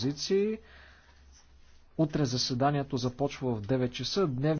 позиции. Утре заседанието започва в 9 часа.